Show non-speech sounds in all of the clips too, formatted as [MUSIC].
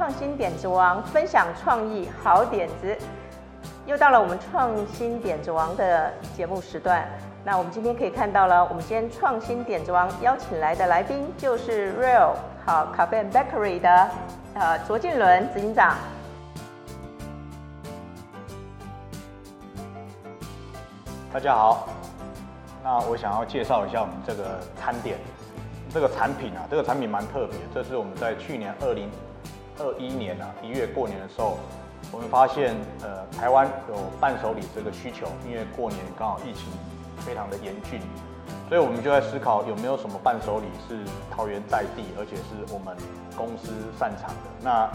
創新點子王分享創意好點子，又到了我們創新點子王的節目時段。那我們今天可以看到了，我們今天創新點子王邀請來的來賓就是 Real 好咖啡 and Bakery 的呃卓靖倫執行長。大家好，那我想要介紹一下我們這個餐點，這個產品啊，這個產品蠻特別，這是我們在去年二零。二一年啊，一月過年的時候，我們發現，呃，台灣有伴手禮這個需求，因為過年剛好疫情非常的嚴峻，所以我們就在思考有沒有什麼伴手禮是桃園在地，而且是我們公司擅長的。那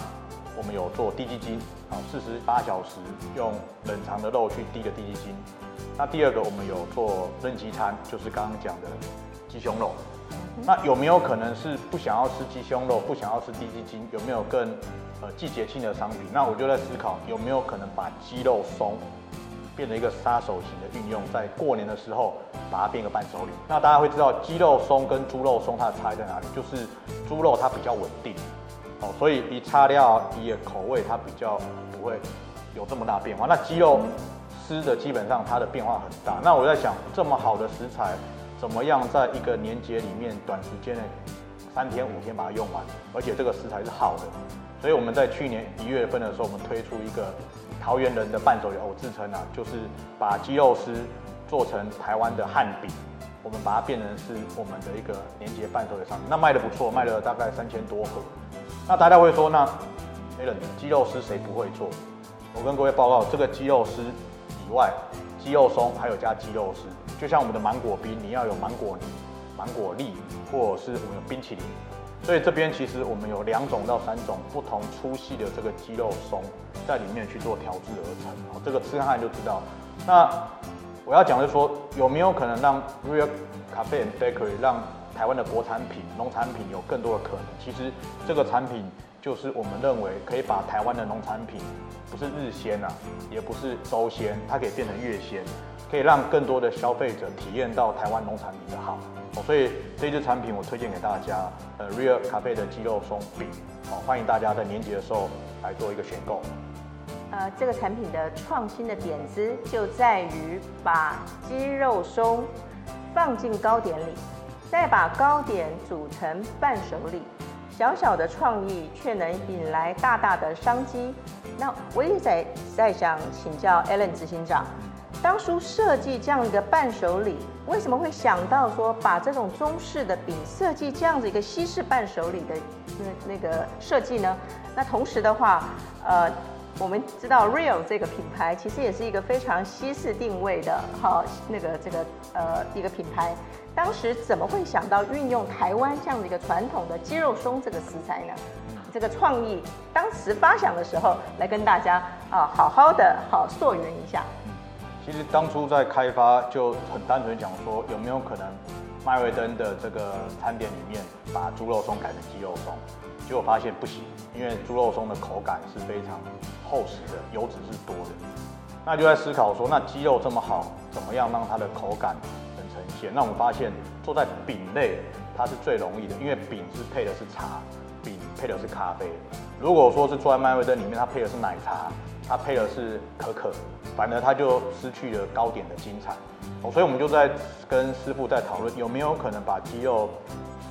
我們有做滴雞精，啊四十八小時用冷藏的肉去滴的滴雞精。那第二個，我們有做增肌餐，就是剛剛講的雞胸肉。那有沒有可能是不想要吃雞胸肉，不想要吃滴雞精，有沒有更呃季節性的商品？那我就在思考有沒有可能把雞肉鬆變成一個殺手型的運用，在過年的時候把它變個伴手禮。那大家會知道雞肉鬆跟豬肉鬆它的差異在哪裡？就是豬肉它比較穩定，哦，所以一擦掉也口味它比較不會有這麼大變化。那雞肉吃的基本上它的變化很大。那我在想這麼好的食材。怎麼樣，在一個年節裡面，短時間的三天五天把它用完，而且這個食材是好的，所以我們在去年一月份的時候，我們推出一個桃園人的伴手禮，我自稱啊，就是把雞肉絲做成台灣的漢餅，我們把它變成是我們的一個年節伴手禮商品，那賣得不錯，賣了大概三千多盒。那大家會說，那人雞肉絲誰不會做？我跟各位報告，這個雞肉絲以外。雞肉鬆還有加雞肉絲，就像我們的芒果冰，你要有芒果泥、芒果粒，或者是我們有冰淇淋。所以這邊其實我們有兩種到三種不同粗細的這個雞肉鬆在裡面去做調製而成。然後這個吃看就知道。那我要講的是說，有沒有可能讓 Real Cafe and Bakery 讓台灣的國產品、農產品有更多的可能？其實這個產品。就是我們認為可以把台灣的農產品，不是日鮮啊，也不是周鮮，它可以變成月鮮，可以讓更多的消費者體驗到台灣農產品的好。哦、所以這支產品我推薦給大家，呃 Real Café 的雞肉鬆餅、哦，歡迎大家在年底的時候來做一個選購。呃，這個產品的創新的點子就在於把雞肉鬆放進糕點裡，再把糕點煮成伴手禮。小小的創意卻能引來大大的商機。那我也在在想，請教 Allen 執行長，當初設計這樣一個伴手禮，為什麼會想到說把這種中式的餅設計這樣子一個西式伴手禮的那那個設計呢？那同時的話，呃。我們知道 Real 這個品牌其實也是一個非常西式定位的，好那個這個呃一個品牌，當時怎麼會想到運用台灣這樣的一個傳統的雞肉鬆這個食材呢？這個創意當時發想的時候，來跟大家啊好好的好溯源一下。其實當初在開發就很單純講說，有沒有可能麥味登的這個餐點裡面把豬肉鬆改成雞肉鬆？結果發現不行，因為豬肉鬆的口感是非常。厚實的，油脂是多的，那就在思考說，那雞肉這麼好，怎麼樣讓它的口感能呈現？那我們發現做在餅類，它是最容易的，因為餅是配的是茶，餅配的是咖啡。如果說是做在麥味燈裡面，它配的是奶茶，它配的是可可，反而它就失去了糕點的精彩。哦，所以我們就在跟師傅在討論，有沒有可能把雞肉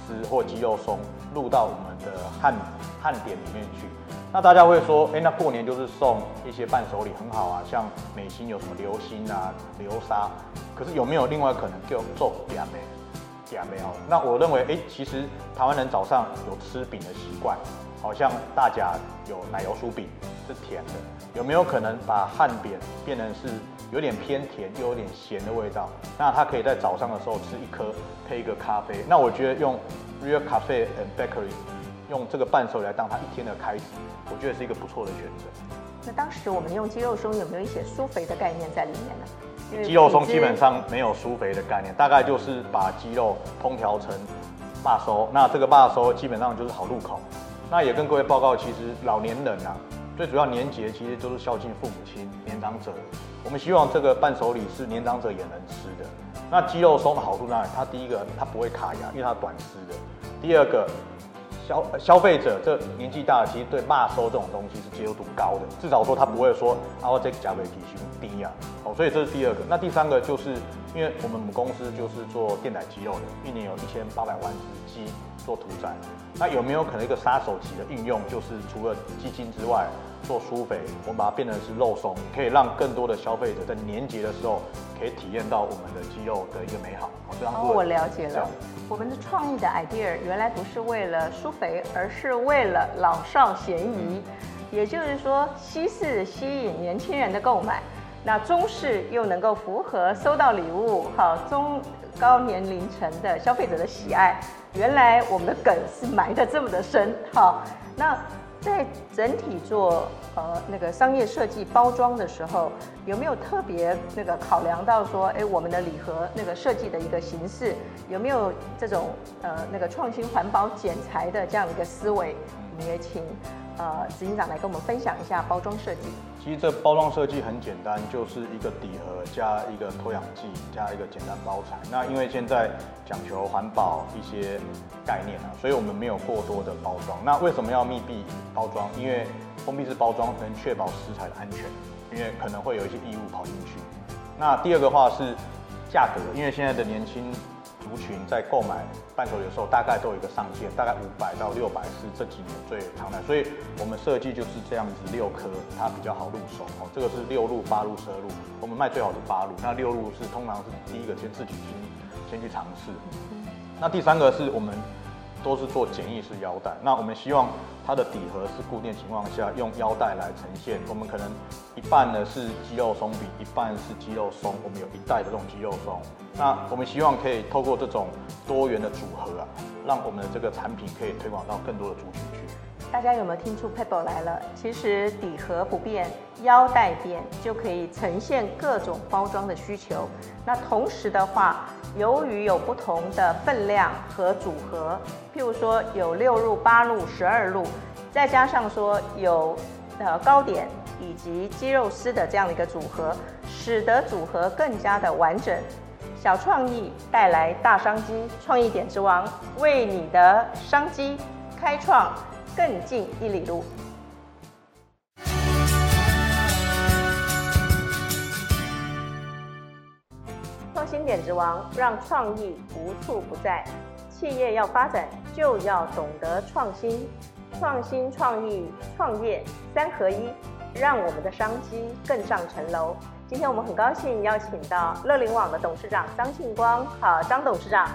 絲或雞肉鬆入到我們的漢漢點裡面去。那大家會說，哎、欸，那過年就是送一些伴手禮很好啊，像美心有什麼流心啊、流沙，可是有沒有另外可能叫做點咩？點咩哦？那我認為，哎、欸，其實台灣人早上有吃餅的習慣，好像大家有奶油酥餅是甜的，有沒有可能把漢餅變成是有點偏甜又有點鹹的味道？那他可以在早上的時候吃一顆，配一個咖啡。那我覺得用 Real Cafe and Bakery。用這個伴手禮來當他一天的開始，我覺得是一個不錯的選擇。那當時我們用雞肉鬆有沒有一些舒肥的概念在裡面呢？雞肉鬆基本上沒有舒肥的概念，大概就是把雞肉烹調成半收。那這個半收基本上就是好入口。那也跟各位報告，其實老年人啊，最主要年節其實就是孝敬父母親、年長者。我們希望這個伴手禮是年長者也能吃的。那雞肉鬆的好處在哪？它第一個，它不會卡牙，因為它短絲的。第二個。消消費者這年紀大了，其實對罵收這種東西是接受度高的，至少說他不會說，嗯、啊，我這個價格其實低啊，哦，所以這是第二個。那第三個就是，因為我們母公司就是做電奶雞肉的，一年有一千八百萬隻雞。做屠宰，那有沒有可能一個殺手級的應用，就是除了基金之外，做舒肥，我們把它變成是肉鬆，可以讓更多的消費者在年節的時候可以體驗到我們的雞肉的一個美好。哦，我了解了。我們的創意的 idea 原來不是為了舒肥，而是為了老少咸宜，嗯、也就是說西式吸引年輕人的購買，那中式又能夠符合收到禮物，好，中高年齡層的消費者的喜愛。嗯原來我們的梗是埋得這麼的深哈，那在整體做呃那個商業設計包裝的時候，有沒有特別那個考量到說，哎，我們的禮盒那個設計的一個形式，有沒有這種呃那個創新環保剪裁的這樣一個思維？你也請。呃，執行長來跟我們分享一下包裝設計。其實這包裝設計很簡單，就是一個底盒加一個脫氧劑加一個簡單包材。那因為現在講求環保一些概念啊，所以我們沒有過多的包裝。那為什麼要密閉包裝？因為封閉式包裝能確保食材的安全，因為可能會有一些異物跑進去。那第二個話是價格，因為現在的年輕。族群在購買伴手的時候，大概都有一個上限，大概五百到六百是這幾年最常態，所以我們設計就是這樣子，六顆它比較好入手哦。這個是六路、八路、十二路，我們賣最好是八路。那六路是通常是第一個先自己先先去嘗試，那第三個是我們。都是做簡易式腰帶，那我們希望它的底盒是固定情況下，用腰帶來呈現。我們可能一半呢是雞肉鬆餅，一半是雞肉鬆。我們有一袋的這種雞肉鬆，那我們希望可以透過這種多元的組合啊，讓我們的這個產品可以推廣到更多的族群去。大家有沒有聽出 Pepper 來了？其實底盒不變，腰帶變就可以呈現各種包裝的需求。那同時的話，由於有不同的分量和組合，譬如說有六入、八入、十二入，再加上說有呃糕點以及雞肉絲的這樣的一個組合，使得組合更加的完整。小創意帶來大商機，創意點之王為你的商機開創。更進一里路。創新點子王，讓創意無處不在。企業要發展，就要懂得創新。創新、創意、創業三合一，讓我們的商機更上層樓。今天我們很高興邀請到樂齡網的董事長張慶光，好、啊，張董事長。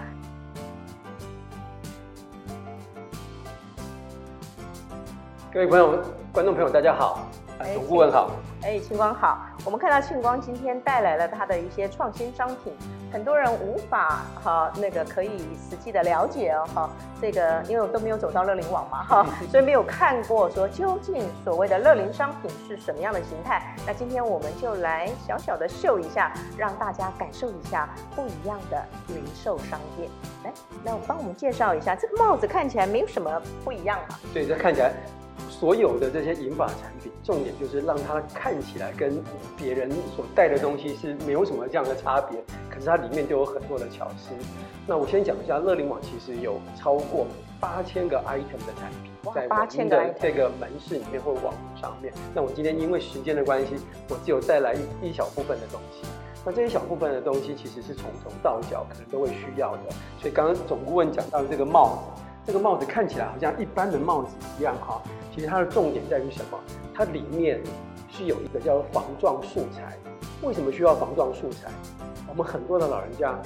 各位朋友、觀眾朋友，大家好，總顧問好，哎，慶光好。我們看到慶光今天帶來了他的一些創新商品，很多人無法哈、哦、那個可以實際的了解哦哈、哦，這個因為我都沒有走到樂齡網嘛哈、哦，所以沒有看過，說究竟所謂的樂齡商品是什麼樣的形態。那今天我們就來小小的秀一下，讓大家感受一下不一樣的零售商店。來、哎，那我幫我們介紹一下，這個帽子看起來沒有什麼不一樣吧、啊？對，這看起來。所有的這些銀髮產品，重點就是讓它看起來跟別人所帶的東西是沒有什麼這樣的差別，可是它裡面就有很多的巧思。那我先講一下，樂齡網其實有超過八千個 item 的產品，在我們的這個門市裡面或網上面。那我今天因為時間的關係，我只有帶來一一小部分的東西。那這一小部分的東西，其實是從頭到腳可能都會需要的。所以剛剛總顧問講到這個帽子。這個帽子看起來好像一般的帽子一樣哈，其實它的重點在於什麼？它裡面是有一個叫防撞素材。為什麼需要防撞素材？我們很多的老人家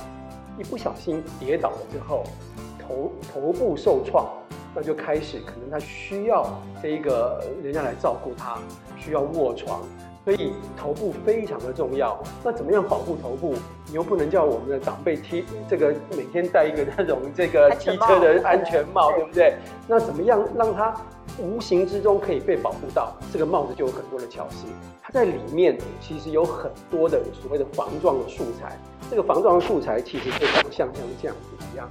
一不小心跌倒了之後，頭頭部受創，那就開始可能他需要這一個人家來照顧他，需要臥床。所以頭部非常的重要，那怎麼樣保護頭部？你又不能叫我們的長輩踢這個每天戴一個那種這個機車的安全帽，對不對？那怎麼樣讓它無形之中可以被保護到？這個帽子就有很多的巧思，它在裡面其實有很多的所謂的防撞的素材。這個防撞的素材其實就像像這樣子一樣，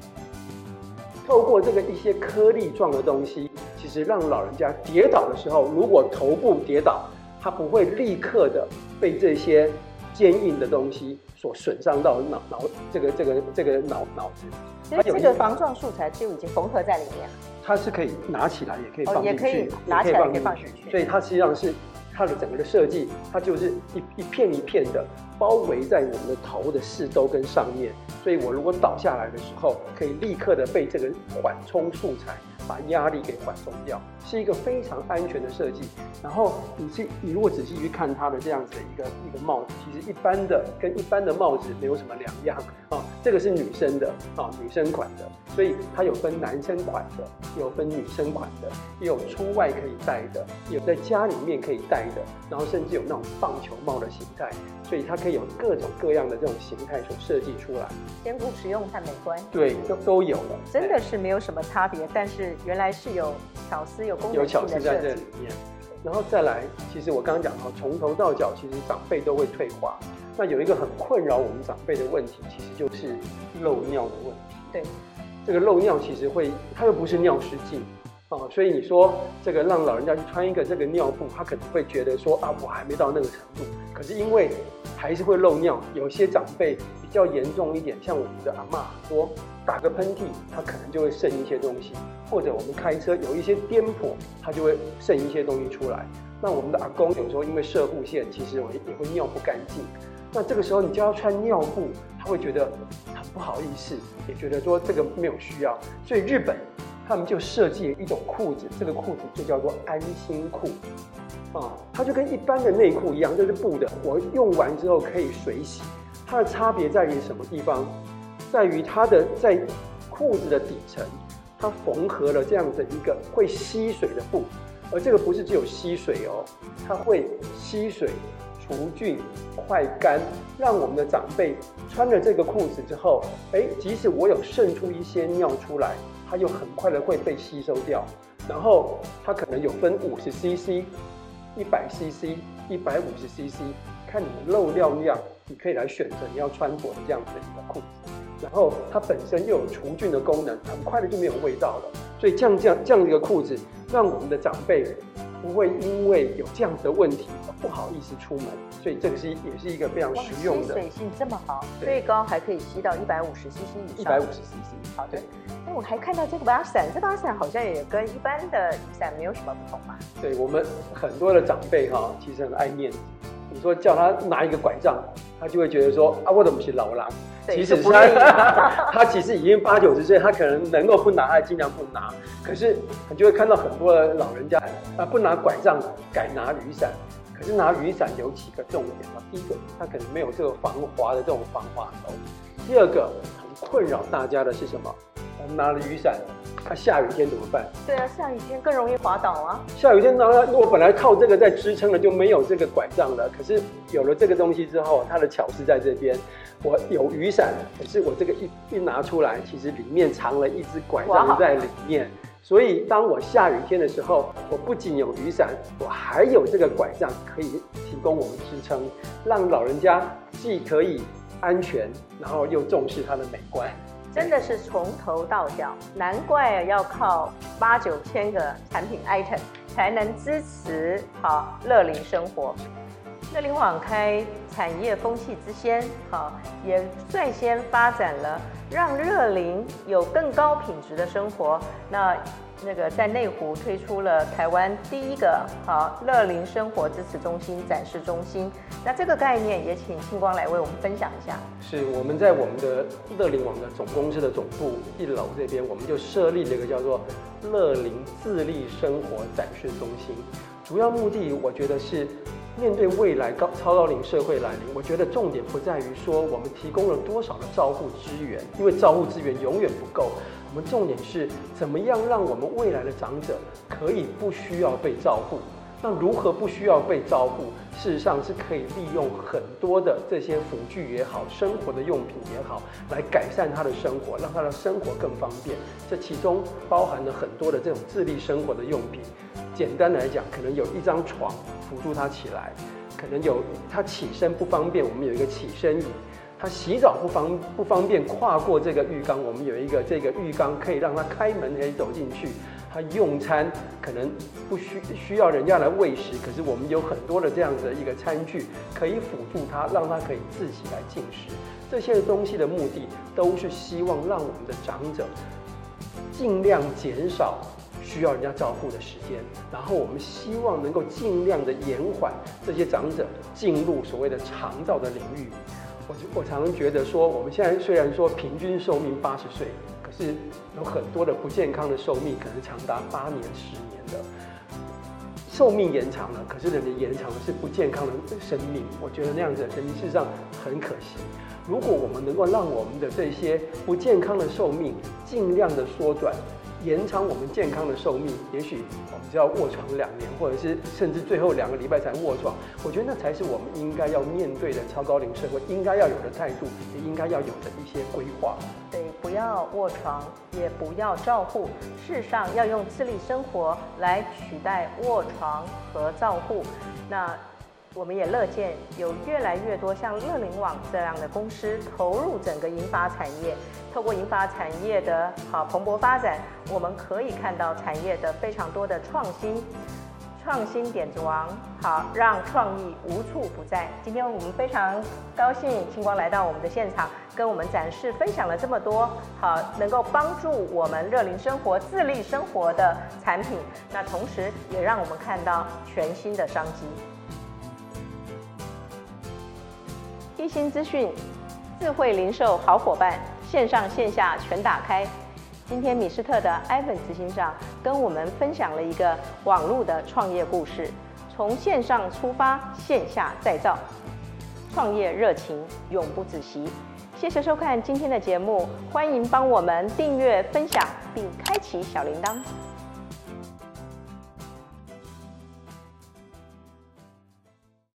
透過這個一些顆粒狀的東西，其實讓老人家跌倒的時候，如果頭部跌倒。它不會立刻的被這些堅硬的東西所損傷到腦腦這個這個這個腦腦子。其實這個防撞素材就已經縫合在裡面了。它是可以拿起來，也可以放進去，哦、也可以拿起來可以放進去。所以它實際上是它的整個的設計，它就是一一片一片的包圍在我們的頭的四周跟上面。所以我如果倒下來的時候，可以立刻的被這個緩衝素材，把壓力給緩衝掉，是一個非常安全的設計。然後，你去你如果仔細去看它的這樣子的一個一個帽子，其實一般的跟一般的帽子沒有什麼兩樣啊。哦這個是女生的，啊、哦，女生款的，所以它有分男生款的，有分女生款的，也有出外可以戴的，也有在家裡面可以戴的，然後甚至有那種棒球帽的形態，所以它可以有各種各樣的這種形態所設計出來，兼顧實用和美觀，對，都都有了，真的是沒有什麼差別，但是原來是有巧思有工有巧思在這裡面，然後再來，其實我剛剛講到從頭到腳其實長輩都會退化。那有一個很困擾我們長輩的問題，其實就是漏尿的問題。對，這個漏尿其實會，它又不是尿失禁，啊、哦。所以你說這個讓老人家去穿一個這個尿布，他可能會覺得說啊，我還沒到那個程度。可是因為還是會漏尿，有些長輩比較嚴重一點，像我們的阿媽很多打個噴嚏，他可能就會滲一些東西；或者我們開車有一些顛簸，他就會滲一些東西出來。那我們的阿公有時候因為攝護腺，其實也也會尿不乾淨。那這個時候你就要穿尿布，他會覺得很不好意思，也覺得說這個沒有需要。所以日本他們就設計了一種褲子，這個褲子就叫做安心褲。啊、嗯，它就跟一般的內褲一樣，就是布的，我用完之後可以水洗。它的差別在於什麼地方？在於它的在褲子的底層，它縫合了這樣的一個會吸水的布，而這個不是只有吸水哦，它會吸水。除菌快乾，讓我們的長輩穿了這個褲子之後，誒，即使我有滲出一些尿出來，它又很快的會被吸收掉。然後它可能有分五十 CC、一百 CC、一百五十 CC，看你的漏尿量，你可以來選擇你要穿着的這樣子的一個褲子。然後它本身又有除菌的功能，很快的就沒有味道了。所以這樣、這樣、這樣的一個褲子，讓我們的長輩。不會因為有這樣子的問題不好意思出門，所以這個是也是一個非常實用的。吸水性這麼好，最對高還可以吸到一百五十 CC 以上。一百五十 CC，好對。哎的，對我還看到這把傘，這把傘好像也跟一般的雨傘沒有什麼不同嘛。對我們很多的長輩哈，其實很愛面子。你說叫他拿一個拐杖，他就會覺得說啊，我怎麼是老人？對其實是他不 [LAUGHS] 他其實已經八九十歲，他可能能夠不拿，他儘量不拿。可是他就會看到很多的老人家啊，他不拿拐杖改拿雨傘。可是拿雨傘有幾個重點啊，第一個，他可能沒有這個防滑的這種防滑頭、哦。第二個，很困擾大家的是什麼？我拿了雨傘，它、啊、下雨天怎麼辦？對啊，下雨天更容易滑倒啊。下雨天那我本來靠這個在支撐了，就沒有這個拐杖了。可是有了這個東西之後，它的巧思在這邊。我有雨傘，可是我這個一一拿出來，其實裡面藏了一隻拐杖在裡面。好所以當我下雨天的時候，我不僅有雨傘，我還有這個拐杖可以提供我們支撐，讓老人家既可以安全，然後又重視它的美觀。真的是從頭到腳，難怪要靠八九千個產品 item 才能支持好樂齡生活。樂齡網開產業風氣之先，好也率先發展了，讓樂齡有更高品質的生活。那。那個在內湖推出了台灣第一個好樂齡生活支持中心展示中心，那這個概念也請慶光來為我們分享一下。是我們在我們的樂齡網的總公司的總部一樓這邊，我們就設立了一個叫做樂齡自立生活展示中心，主要目的我覺得是。面對未來高超高齡社會來臨，我覺得重點不在於說我們提供了多少的照護資源，因為照護資源永遠不夠。我們重點是怎麼樣讓我們未來的長者可以不需要被照顧。那如何不需要被照顧？事實上是可以利用很多的這些輔具也好，生活的用品也好，來改善他的生活，讓他的生活更方便。這其中包含了很多的這種自立生活的用品。簡單來講，可能有一張床輔助他起來，可能有他起身不方便，我們有一個起身椅；他洗澡不方不方便跨過這個浴缸，我們有一個這個浴缸可以讓他開門可以走進去。他用餐可能不需需要人家來餵食，可是我們有很多的這樣的一個餐具可以輔助他，讓他可以自己來進食。這些東西的目的都是希望讓我們的長者盡量減少需要人家照顧的時間，然後我們希望能夠盡量的延緩這些長者進入所謂的長照的領域。我我常常覺得說，我們現在雖然說平均壽命八十歲。是有很多的不健康的壽命，可能長達八年、十年的壽命延長了，可是人們延長的是不健康的生命。我覺得那樣子，可能事實上很可惜。如果我們能夠讓我們的這些不健康的壽命盡量的縮短。延長我們健康的壽命，也許我們就要臥床兩年，或者是甚至最後兩個禮拜才臥床。我覺得那才是我們應該要面對的超高齡社會應該要有的態度，也應該要有的一些規劃。對，不要臥床，也不要照護，事實上要用自立生活來取代臥床和照護。那。我們也樂見有越來越多像樂齡網這樣的公司投入整個銀髮產業，透過銀髮產業的好蓬勃發展，我們可以看到產業的非常多的創新，創新點子王，好讓創意無處不在。今天我們非常高興慶光來到我們的現場，跟我們展示分享了這麼多，好能夠幫助我們樂齡生活、自立生活的產品，那同時也讓我們看到全新的商機。最新資訊，智慧零售好夥伴，線上線下全打開。今天米斯特的埃文執行長跟我們分享了一個網絡的創業故事，從線上出發，線下再造，創業熱情永不止息。謝謝收看今天的節目，歡迎幫我們訂閱、分享並開啟小鈴鐺。